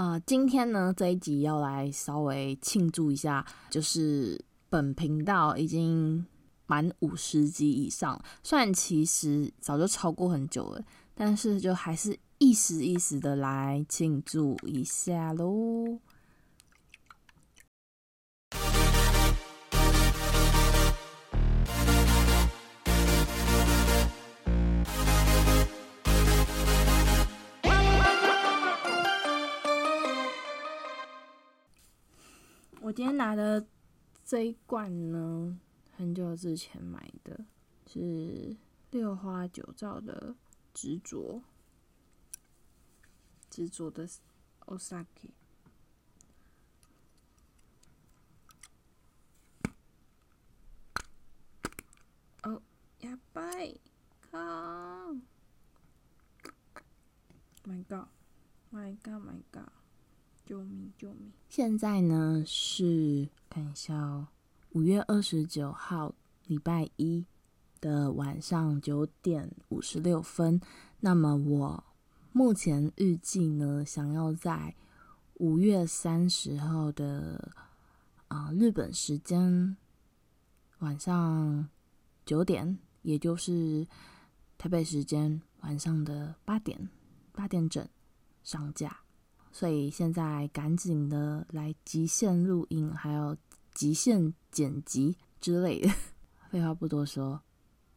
啊、呃，今天呢，這一集要來稍微慶祝一下，就是本頻道已經滿五十集以上，雖然其實早就超過很久了，但是就還是意思意思的來慶祝一下咯。我今天拿的這一罐呢，很久之前買的，是六花九造的執着，執着的 Osaki。救命！救命！現在呢是看一下、哦，五月二十九號禮拜一的晚上九點五十六分。嗯、那麼我目前預計呢，想要在五月三十號的啊、呃、日本時間晚上九點，也就是台北時間晚上的八點八點整上架。所以現在趕緊的來極限錄音，還有極限剪輯之類的。廢話不多說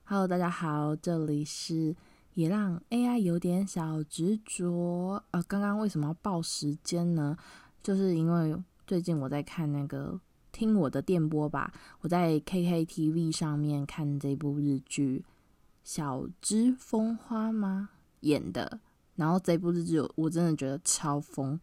，Hello，大家好，這裡是也讓 AI 有點小執着。呃，剛剛為什麼要報時間呢？就是因為最近我在看那個聽我的電波吧，我在 KKTV 上面看這部日劇《小芝風花》嗎？演的。然後這部日劇我真的覺得超瘋，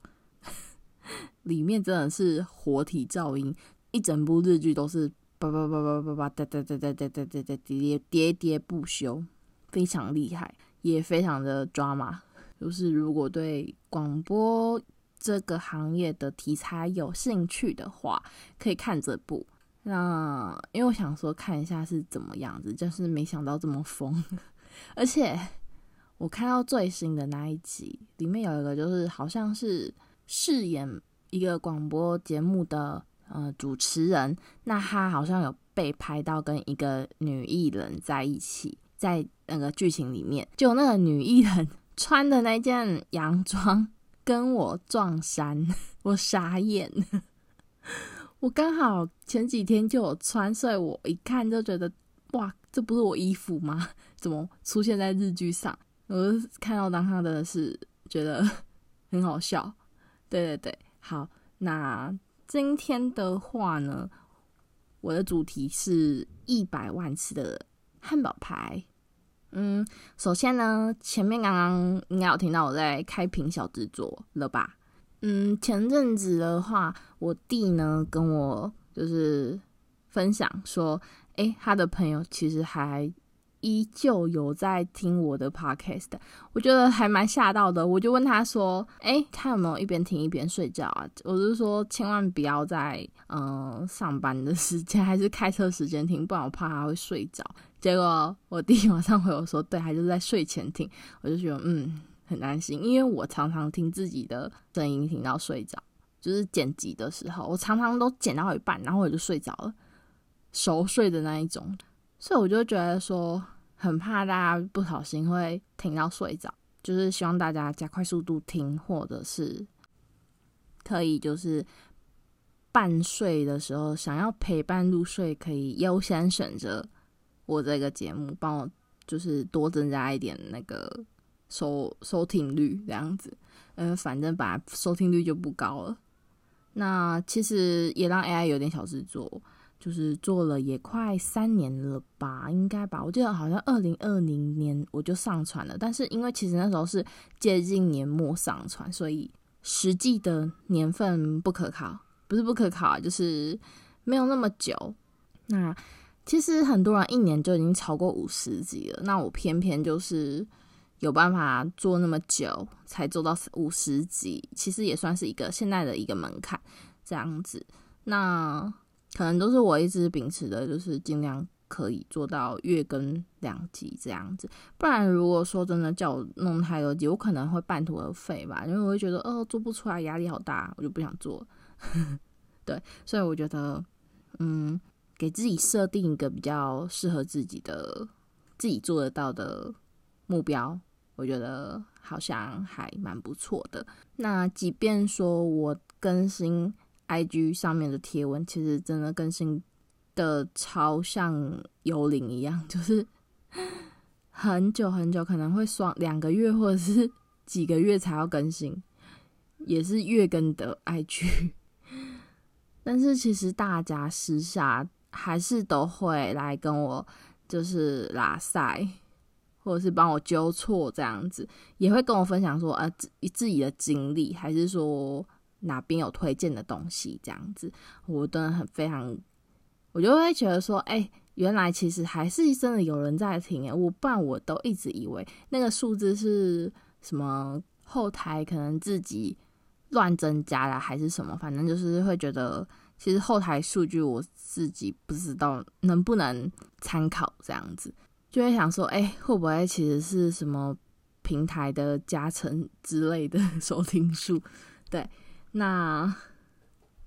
裡面真的是活體噪音，一整部日劇都是叭叭叭叭叭叭噠噠噠噠噠噠噠喋喋喋喋喋喋不休，非常厲害，也非常的抓馬。就是如果對廣播這個行業的題材有興趣的話，可以看這部。那因為我想說看一下是怎麼樣子，就是沒想到這麼瘋，而且。我看到最新的那一集，裡面有一個就是好像是飾演一個廣播節目的呃主持人，那他好像有被拍到跟一個女藝人在一起，在那個劇情裡面，就那個女藝人穿的那件洋裝跟我撞衫，我傻眼。 我剛好前幾天就有穿，所以我一看就覺得，哇，這不是我衣服嗎？怎麼出現在日劇上？我看到當他的是覺得很好笑，對對對，好，那今天的話呢，我的主題是一百萬次的漢堡排，嗯，首先呢，前面剛剛應該有聽到我在開瓶小執著了吧，嗯，前陣子的話，我弟呢跟我就是分享說，誒、欸，他的朋友其實還。依舊有在聽我的 podcast，我覺得還蠻嚇到的。我就問他說：“哎，他有沒有一邊聽一邊睡覺啊？”我就說，千萬不要在嗯、呃、上班的時間，還是開車時間聽，不然我怕他會睡着。結果我第一晚上回我說：“對，還是在睡前聽。”我就覺得嗯很安心，因為我常常聽自己的聲音聽到睡着，就是剪輯的時候，我常常都剪到一半，然後我就睡着了，熟睡的那一種。所以我就覺得說，很怕大家不小心會聽到睡着，就是希望大家加快速度聽，或者是可以就是半睡的時候想要陪伴入睡，可以優先選擇我這個節目，幫我就是多增加一點那個收收聽率這樣子。嗯、呃，反正本來收聽率就不高了，那其實也讓 AI 有點小製作。就是做了也快三年了吧，應該吧？我記得好像二零二零年我就上傳了，但是因為其實那時候是接近年末上傳，所以實際的年份不可考，不是不可考，就是沒有那麼久。那其實很多人一年就已經超過五十集了，那我偏偏就是有辦法做那麼久才做到五十集，其實也算是一個現在的一個門檻這樣子。那。可能都是我一直秉持的，就是盡量可以做到月更兩集這樣子。不然如果說真的叫我弄太多集，我可能會半途而廢吧，因為我會覺得哦做不出來，壓力好大，我就不想做。 對，所以我覺得嗯，給自己設定一個比較適合自己的、自己做得到的目標，我覺得好像還蠻不錯的。那即便說我更新。I G 上面的貼文其實真的更新的超像幽靈一樣，就是很久很久，可能會雙兩個月或者是幾個月才要更新，也是月更的 I G，但是其實大家私下還是都會來跟我，就是拉曬，或者是幫我糾錯這樣子，也會跟我分享說，啊、呃，自自己的經歷，還是說。哪邊有推薦的東西，這樣子我真的很非常，我就會覺得說，哎、欸，原來其實還是真的有人在聽欸，我不然我都一直以為那個數字是什麼後台可能自己亂增加了還是什麼，反正就是會覺得其實後台數據我自己不知道能不能參考，這樣子，就會想說，哎、欸，會不會其實是什麼平台的加成之類的 收聽數，對。那，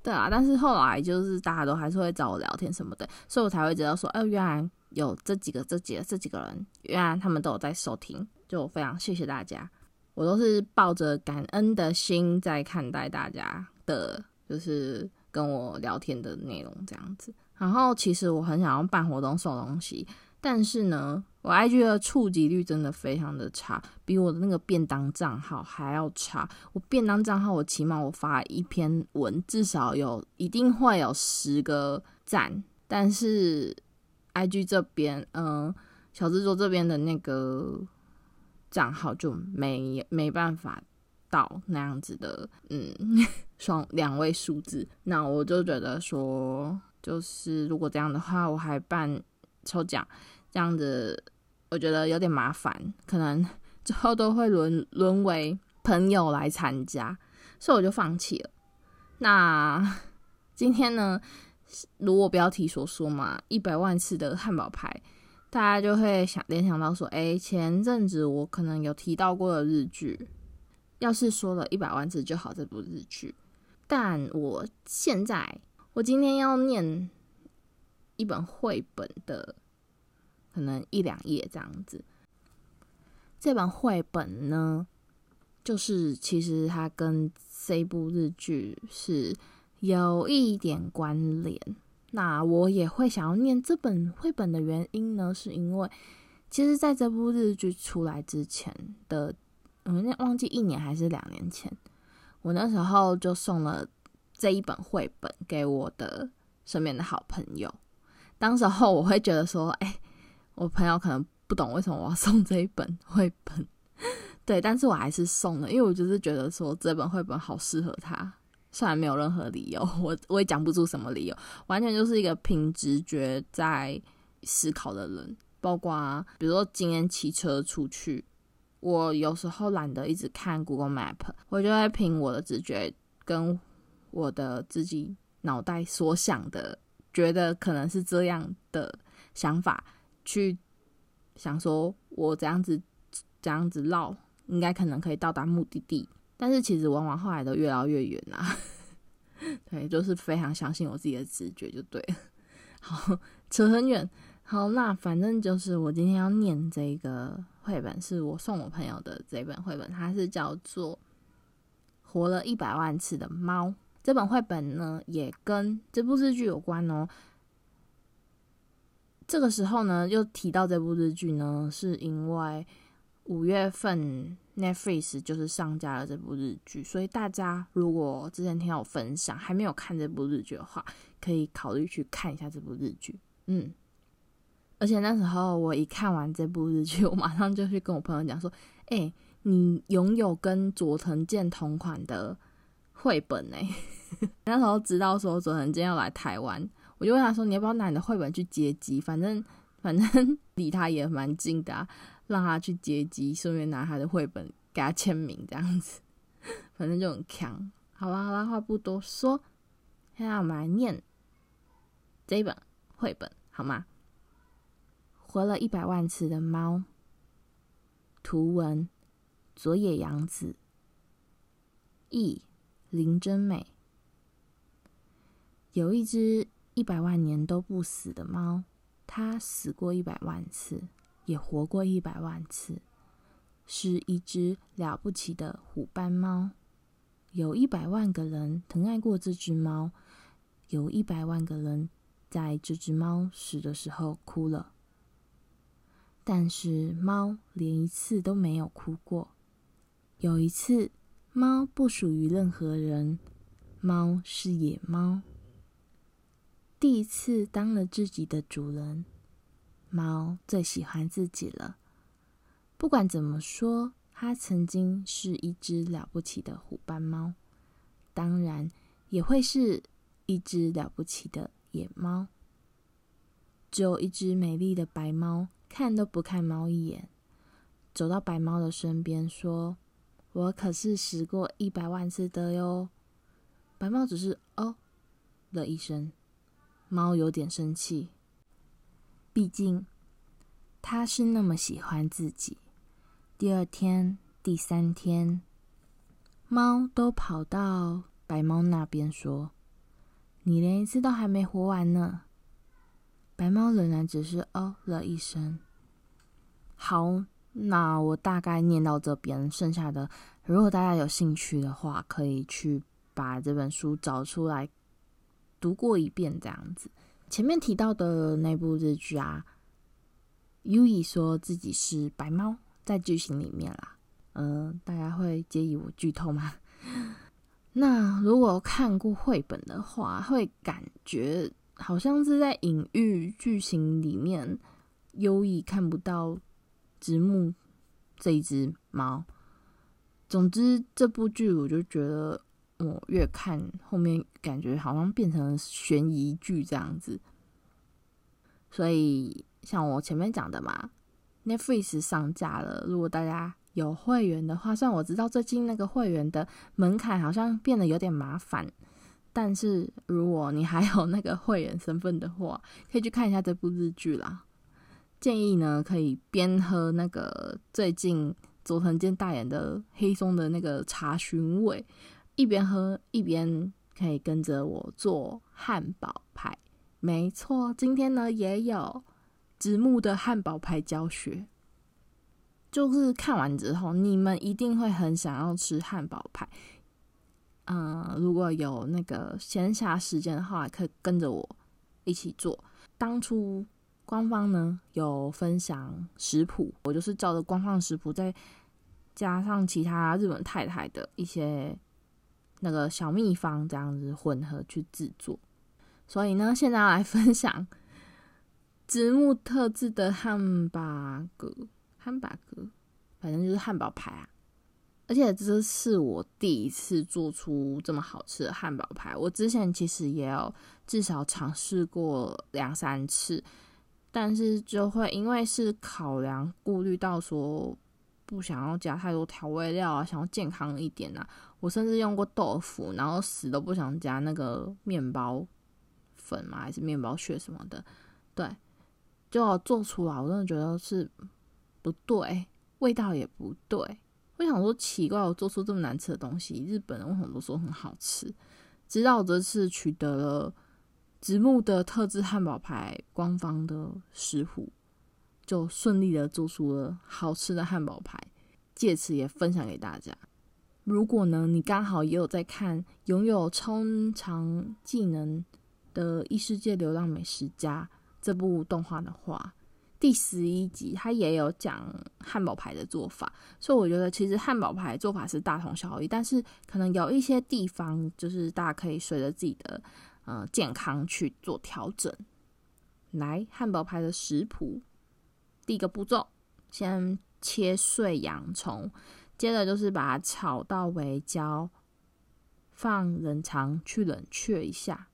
對啊，但是後來就是大家都還是會找我聊天什麼的，所以我才會知道說，哦、欸，原來有這幾個、這幾個、這幾個人，原來他們都有在收聽，就我非常謝謝大家。我都是抱着感恩的心在看待大家的，就是跟我聊天的內容這樣子。然後其實我很想要辦活動送東西。但是呢，我 IG 的觸及率真的非常的差，比我的那個便當賬號還要差。我便當賬號我起碼我發一篇文，至少有一定會有十個讚。但是 IG 這邊，嗯、呃，小制作這邊的那個賬號就沒沒辦法到那樣子的，嗯，雙兩位數字。那我就覺得說，就是如果這樣的話，我還辦抽獎。這樣子，我覺得有點麻煩，可能之後都會淪淪為朋友來參加，所以我就放棄了。那今天呢，如我標題所說嘛，一百萬次的漢堡排，大家就會想聯想到說，誒、欸，前陣子我可能有提到過的日劇，要是說了一百萬次就好這部日劇。但我現在，我今天要念一本繪本的。可能一兩頁這樣子。這本繪本呢,就是其實它跟這部日劇是有一點關聯。那我也會想要念這本繪本的原因呢，是因為其實在這部日劇出來之前的，我、嗯、忘記一年還是兩年前，我那時候就送了這一本繪本給我的身邊的好朋友。當時候我會覺得說，哎。我朋友可能不懂為什麼我要送這一本繪本，對，但是我還是送了，因為我就是覺得說這本繪本好適合他，雖然沒有任何理由，我我也講不出什麼理由，完全就是一個憑直覺在思考的人。包括啊，比如說今天騎車出去，我有時候懶得一直看 Google Map，我就會憑我的直覺跟我的自己腦袋所想的，覺得可能是這樣的想法。去想說，我這樣子，這樣子繞，應該可能可以到達目的地。但是其實往往後來都越繞越遠啦、啊。對，就是非常相信我自己的直覺，就對了。好，扯很遠。好，那反正就是我今天要念這個繪本，是我送我朋友的這本繪本，它是叫做《活了一百萬次的貓》。這本繪本呢，也跟這部日劇有關哦。這個時候呢，又提到這部日劇呢，是因為五月份 Netflix 就是上架了這部日劇，所以大家如果之前聽到我分享還沒有看這部日劇的話，可以考慮去看一下這部日劇。嗯，而且那時候我一看完這部日劇，我馬上就去跟我朋友講說：“哎、欸，你擁有跟佐藤健同款的繪本呢、欸？” 那時候知道說佐藤健要來台灣。我就問他說：“你要不要拿你的繪本去接機？反正反正離他也蠻近的啊，讓他去接機，順便拿他的繪本給他簽名，這樣子，反正就很強。”好啦，好啦，話不多說，現在我們來念這本繪本好嗎？《活了一百萬次的貓》，圖文：佐野洋子，譯：林真美。有一隻。一百萬年都不死的貓，它死過一百萬次，也活過一百萬次，是一隻了不起的虎斑貓。有一百萬個人疼愛過這隻貓，有一百萬個人在這隻貓死的時候哭了。但是貓連一次都沒有哭過。有一次，貓不屬於任何人，貓是野貓。第一次當了自己的主人，貓最喜歡自己了。不管怎麼說，它曾經是一隻了不起的虎斑貓，當然也會是一隻了不起的野貓。只有一隻美麗的白貓，看都不看貓一眼，走到白貓的身邊，說：“我可是死過一百萬次的喲。”白貓只是哦了一聲。貓有點生氣，畢竟它是那麼喜歡自己。第二天、第三天，貓都跑到白貓那邊說：“你連一次都還沒活完呢。”白貓仍然只是哦了一聲。好，那我大概念到這邊，剩下的如果大家有興趣的話，可以去把這本書找出來。讀過一遍這樣子，前面提到的那部日劇啊，優一說自己是白貓，在劇情裡面啦，嗯、呃，大家會介意我劇透嗎？ 那如果看過繪本的話，會感覺好像是在隱喻劇情裡面，優一看不到直木這一只貓。總之，這部劇我就覺得。我越看後面，感覺好像變成懸疑劇這樣子。所以，像我前面講的嘛，Netflix 上架了。如果大家有會員的話，雖然我知道最近那個會員的門檻好像變得有點麻煩，但是如果你還有那個會員身份的話，可以去看一下這部日劇啦。建議呢，可以邊喝那個最近佐藤健代言的黑松的那個茶，尋味。一邊喝一邊可以跟着我做漢堡排沒錯，今天呢也有直木的漢堡排教學。就是看完之後，你們一定會很想要吃漢堡排。嗯、呃，如果有那個閒暇時間的話，可以跟着我一起做。當初官方呢有分享食譜，我就是照着官方食譜，再加上其他日本太太的一些。那個小祕方這樣子混合去製作，所以呢，現在要來分享直木特製的漢堡格、漢堡格，反正就是漢堡排啊。而且這是我第一次做出這麼好吃的漢堡排。我之前其實也有至少嘗試過兩三次，但是就會因為是考量顧慮到說，不想要加太多調味料啊，想要健康一點啊。我甚至用過豆腐，然後死都不想加那個麵包粉嘛，還是麵包屑什麼的。對，就好做出來，我真的覺得是不對，味道也不對。我想說奇怪，我做出這麼難吃的東西，日本人為什麼都說很好吃？直到這次取得了直木的特製漢堡排，官方的食譜。就順利的做出了好吃的漢堡排，借此也分享給大家。如果呢，你剛好也有在看擁有超常技能的異世界流浪美食家這部動畫的話，第十一集它也有講漢堡排的做法，所以我覺得其實漢堡排做法是大同小異，但是可能有一些地方就是大家可以隨着自己的呃健康去做調整。來，漢堡排的食譜。第一個步驟，先切碎洋蔥，接着就是把它炒到微焦，放冷藏去冷卻一下。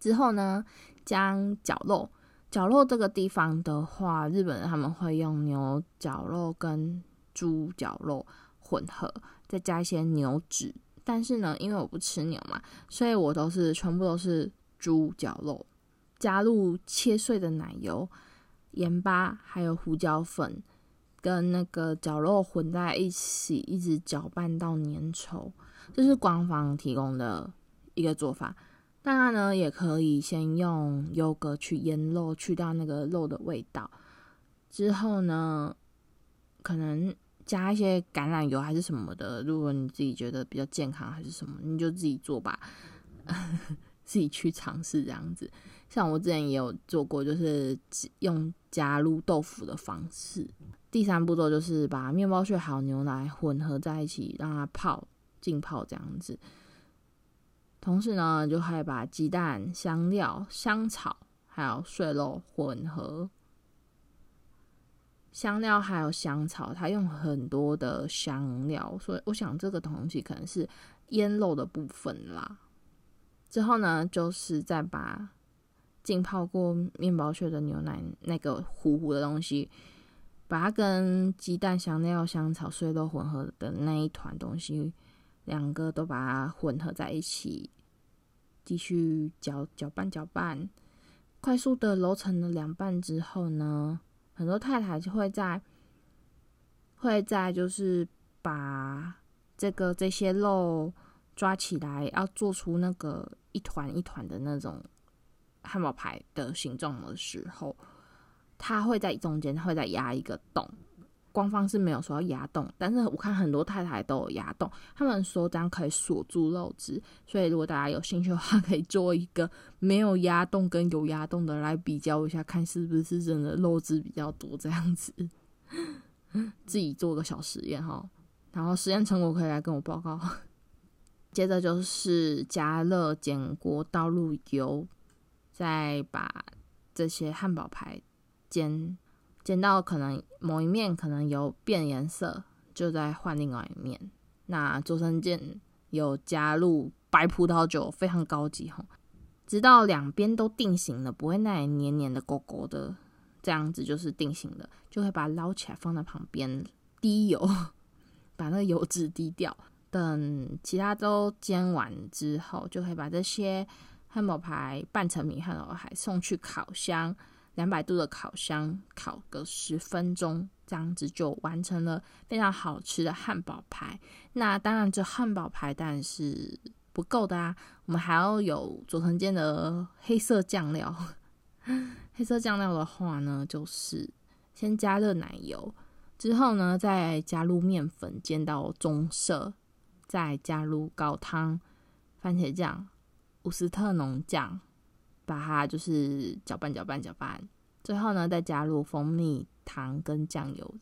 之後呢，將絞肉，絞肉這個地方的話，日本人他們會用牛絞肉跟豬絞肉混合，再加一些牛脂。但是呢，因為我不吃牛嘛，所以我都是全部都是豬絞肉，加入切碎的奶油，鹽巴，還有胡椒粉，跟那個絞肉混在一起，一直攪拌到粘稠，這是官方提供的一個做法。大家呢也可以先用優格去醃肉，去掉那個肉的味道。之後呢，可能加一些橄欖油還是什麼的，如果你自己覺得比較健康還是什麼，你就自己做吧。 自己去嘗試這樣子，像我之前也有做過，就是用加入豆腐的方式。第三步驟就是把麵包屑還有牛奶混合在一起，讓它泡浸泡這樣子。同時呢，就還把雞蛋、香料、香草還有碎肉混合。香料還有香草，它用很多的香料，所以我想這個東西可能是醃肉的部分啦。之後呢，就是再把浸泡過麵包屑的牛奶那個糊糊的東西，把它跟雞蛋、香料、香草碎肉混合的那一團東西，兩個都把它混合在一起，繼續攪攪拌攪拌，快速的揉成了兩半之後呢，很多太太就會在，會在就是把這個這些肉。抓起來要做出那個一團一團的那種漢堡排的形狀的時候，他會在中間他會再壓一個洞。官方是沒有說要壓洞，但是我看很多太太都有壓洞，他們說這樣可以鎖住肉汁。所以如果大家有興趣的話，可以做一個沒有壓洞跟有壓洞的來比較一下，看是不是真的肉汁比較多。這樣子自己做個小實驗哈，然後實驗成果可以來跟我報告。接着就是加熱煎鍋，倒入油，再把這些漢堡排煎，煎到可能某一面可能有變顏色，就再換另外一面。那周生煎有加入白葡萄酒，非常高級吼。直到兩邊都定型了，不會那裡黏黏的、勾勾的，這樣子就是定型了，就會把它撈起來放在旁邊滴油，把那個油脂滴掉。等其他都煎完之後，就可以把這些漢堡排、半成品漢堡排送去烤箱，兩百度的烤箱烤個十分鐘，這樣子就完成了非常好吃的漢堡排。那當然，這漢堡排但是不夠的啊，我們還要有佐藤健的黑色醬料。 黑色醬料的話呢，就是先加熱奶油，之後呢再加入麵粉，煎到棕色。再加入高湯、番茄醬、伍斯特濃醬，把它就是攪拌攪拌攪拌。最後呢，再加入蜂蜜、糖跟醬油，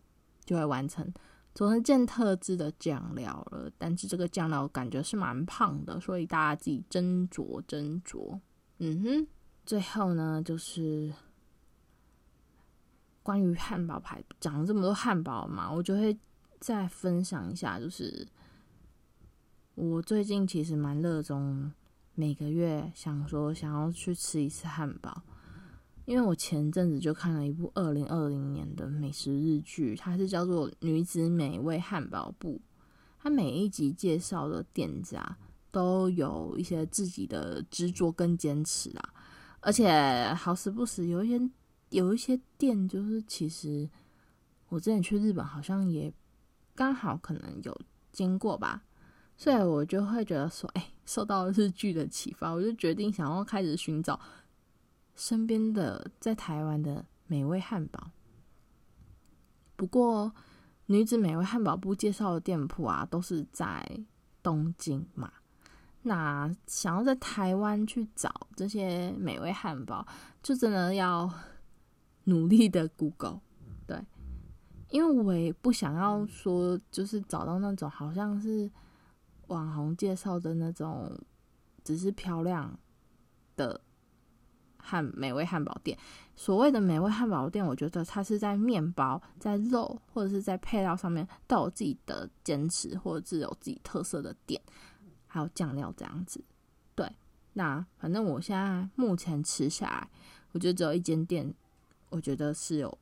就會完成佐藤健特製的醬料了。但是這個醬料感覺是蠻胖的，所以大家自己斟酌斟酌。嗯哼，最後呢，就是關於漢堡排講了這麼多漢堡嘛，我就會再分享一下，就是。我最近其實蠻熱衷，每個月想說想要去吃一次漢堡，因為我前陣子就看了一部二零二零年的美食日劇，它是叫做《女子美味漢堡部》，它每一集介紹的店家啊都有一些自己的執着跟堅持啦、啊，而且好死不死有一些有一些店就是其實我之前去日本好像也剛好可能有經過吧。所以，我就會覺得說，哎，受到日劇的啟發，我就決定想要開始尋找身邊的在台灣的美味漢堡。不過，女子美味漢堡部介紹的店鋪啊，都是在東京嘛。那想要在台灣去找這些美味漢堡，就真的要努力的 Google，對，因為我也不想要說，就是找到那種好像是。網紅介紹的那種，只是漂亮的漢美味漢堡店。所謂的美味漢堡店，我覺得它是在面包、在肉或者是在配料上面都有自己的堅持，或者是有自己特色的點，還有醬料這樣子。對，那反正我現在目前吃下來，我覺得只有一間店，我覺得是有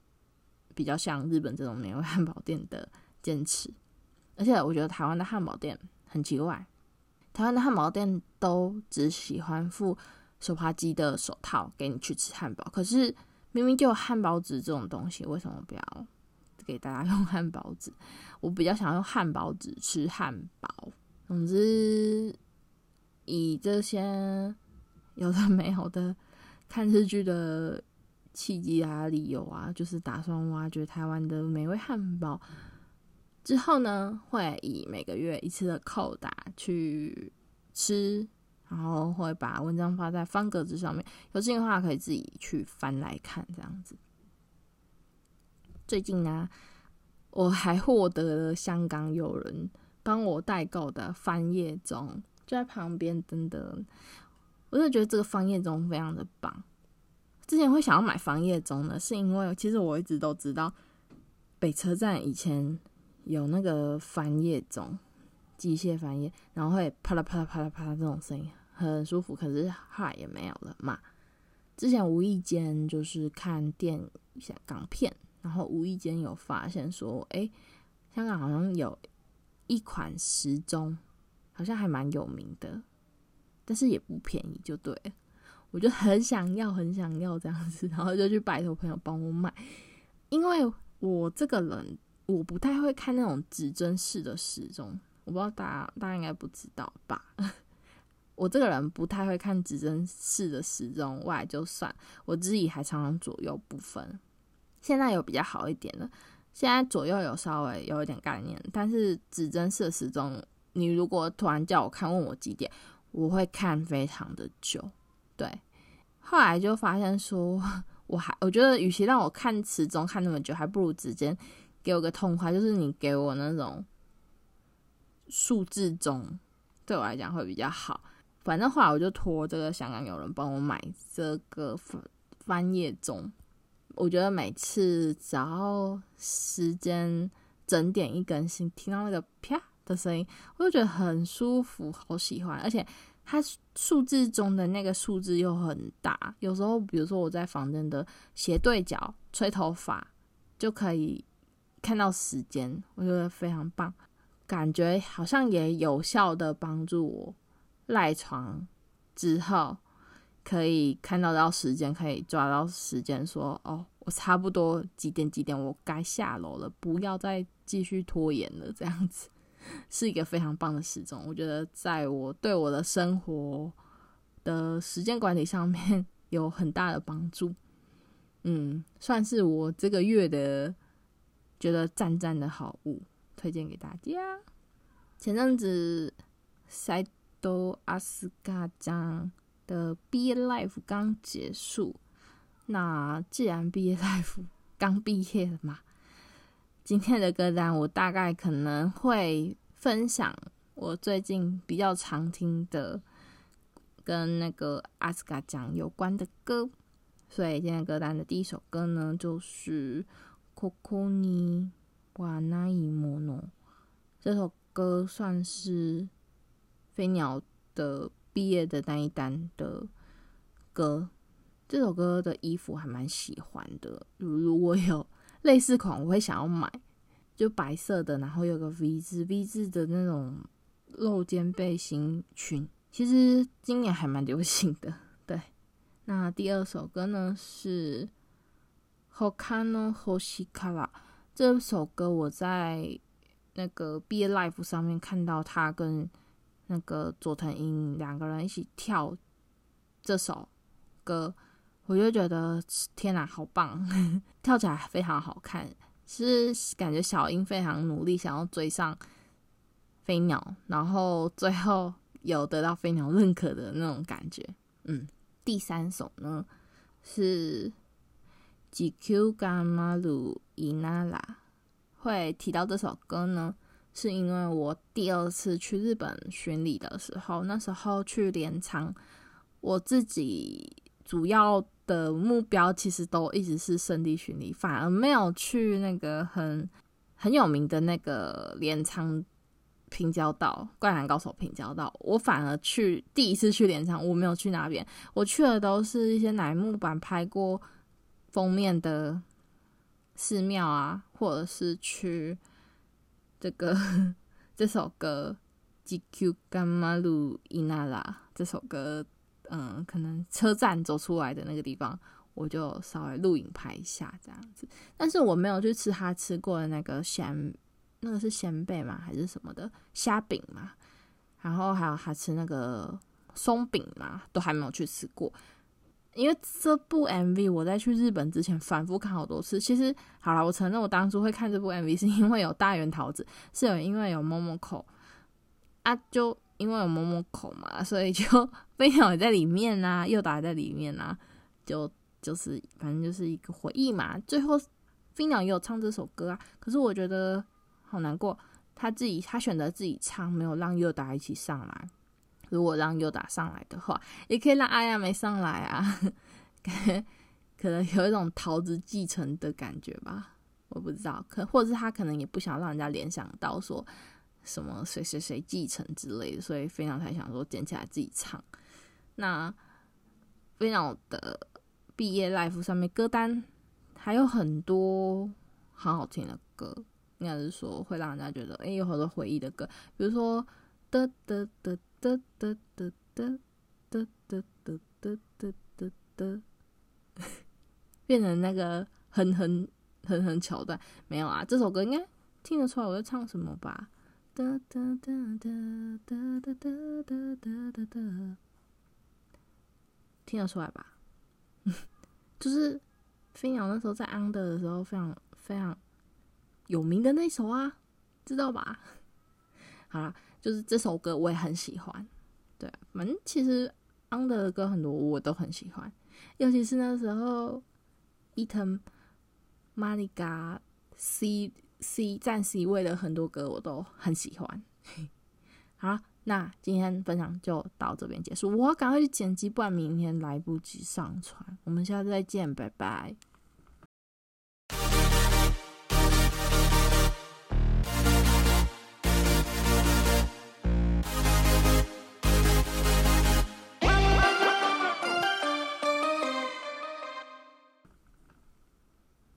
比較像日本這種美味漢堡店的堅持。而且我覺得台灣的漢堡店。很奇怪，台灣的漢堡店都只喜歡附手帕機的手套給你去吃漢堡，可是明明就有漢堡紙這種東西，為什麼不要給大家用漢堡紙？我比較想要用漢堡紙吃漢堡。總之，以這些有的沒有的看日劇的契機啊、理由啊，就是打算挖掘台灣的美味漢堡。之後呢，會以每個月一次的扣打去吃，然後會把文章發在方格子上面，有興趣的話可以自己去翻來看這樣子。最近呢、啊，我還獲得了香港友人幫我代購的翻頁鐘，就在旁邊，真的，我就覺得這個翻頁鐘非常的棒。之前會想要買翻頁鐘呢，是因為其實我一直都知道北車站以前。有那個翻頁鐘，機械翻頁，然後會啪啦啪啦啪啦啪啦這種聲音，很舒服。可是海也沒有了嘛。之前無意間就是看電影港片，然後無意間有發現說，哎，香港好像有一款時鐘，好像還蠻有名的，但是也不便宜，就對。我就很想要，很想要這樣子，然後就去拜託朋友幫我買，因為我這個人。我不太會看那種指針式的時鐘，我不知道大家大家應該不知道吧？ 我這個人不太會看指針式的時鐘，我也就算我自己還常常左右不分。現在有比較好一點的，現在左右有稍微有一點概念，但是指針式的時鐘，你如果突然叫我看問我幾點，我會看非常的久。對，後來就發現說，我還我覺得，與其讓我看時鐘看那麼久，還不如直接，給我個痛快，就是你給我那種數字鐘，對我來講會比較好。反正後來我就托這個香港友人幫我買這個翻頁鐘。我覺得每次只要時間整點一更新，聽到那個啪的聲音，我就覺得很舒服，好喜歡。而且它數字鐘的那個數字又很大，有時候比如說我在房間的斜對角吹頭髮就可以。看到時間，我覺得非常棒，感覺好像也有效的幫助我賴床之後可以看到到時間，可以抓到時間說，說哦，我差不多幾點幾點，我該下樓了，不要再繼續拖延了。這樣子是一個非常棒的時鐘，我覺得在我對我的生活的時間管理上面有很大的幫助。嗯，算是我這個月的。覺得讚讚的好物推薦給大家。前陣子齋藤阿斯卡醬的畢業 live 剛結束，那既然畢業 live 剛畢業了嘛，今天的歌單我大概可能會分享我最近比較常聽的跟那個阿斯卡醬有關的歌。所以今天的歌單的第一首歌呢，就是。ここにはないもの這首歌算是飛鳥的畢業的那一單的歌。這首歌的衣服還蠻喜歡的，如，如果有類似款，我會想要買。就白色的，然後有個 V 字 V 字的那種露肩背心裙，其實今年還蠻流行的。對，那第二首歌呢是。好看呢，好喜卡啦。這首歌我在那個畢業 live 上面看到他跟那個佐藤英兩個人一起跳這首歌，我就覺得天哪，好棒！跳起來非常好看。其實感覺小英非常努力，想要追上飛鳥，然後最後有得到飛鳥認可的那種感覺。嗯，第三首呢是。GQ u i n a 那 a 會提到這首歌呢，是因為我第二次去日本巡禮的時候，那時候去鐮倉，我自己主要的目標其實都一直是聖地巡禮，反而沒有去那個很很有名的那個鐮倉平交道怪談高手平交道。我反而去第一次去鐮倉，我沒有去那邊，我去的都是一些乃木板拍過封面的寺廟啊，或者是去這個這首歌《地球が丸いなら》這首歌，嗯，可能車站走出來的那個地方，我就稍微錄影拍一下這樣子。但是我沒有去吃他吃過的那個仙，那個是仙貝嘛，還是什麼的蝦餅嘛，然後還有他吃那個鬆餅嘛，都還沒有去吃過。因為這部 MV，我在去日本之前反覆看好多次。其實，好了，我承認我當初會看這部 MV，是因為有大園桃子，是有因為有摸摸口啊，就因為有摸摸口嘛，所以就飛鳥也在裡面啊，又打在裡面啊，就就是反正就是一個回憶嘛。最後，飛鳥也有唱這首歌啊，可是我覺得好難過，他自己他選擇自己唱，沒有讓又打一起上來、啊。如果讓優打上來的話，也可以讓阿亞美上來啊呵呵，可能有一種桃子繼承的感覺吧，我不知道。可，或者是他可能也不想讓人家聯想到說什麼誰誰誰繼承之類的，所以飛鳥才想說撿起來自己唱。那飛鳥的畢業 life 上面歌單還有很多很好聽的歌，應該是說會讓人家覺得哎、欸，有很多回憶的歌，比如說的的的。得得得噔噔噔噔噔噔噔噔噠變成那個很很很很橋段沒有啊？這首歌應該聽得出來我在唱什麼吧？聽得出來吧？就是飛鳥那時候在 under 的時候非常非常有名的那首啊，知道吧？好了、啊。就是這首歌我也很喜歡，對，反、嗯、正其實 Under 的歌很多我都很喜歡，尤其是那時候伊 藤萬理華、C C 占 C 位的很多歌我都很喜歡。 好，那今天分享就到這邊結束，我趕快去剪輯，不然明天來不及上傳。我們下次再見，拜拜。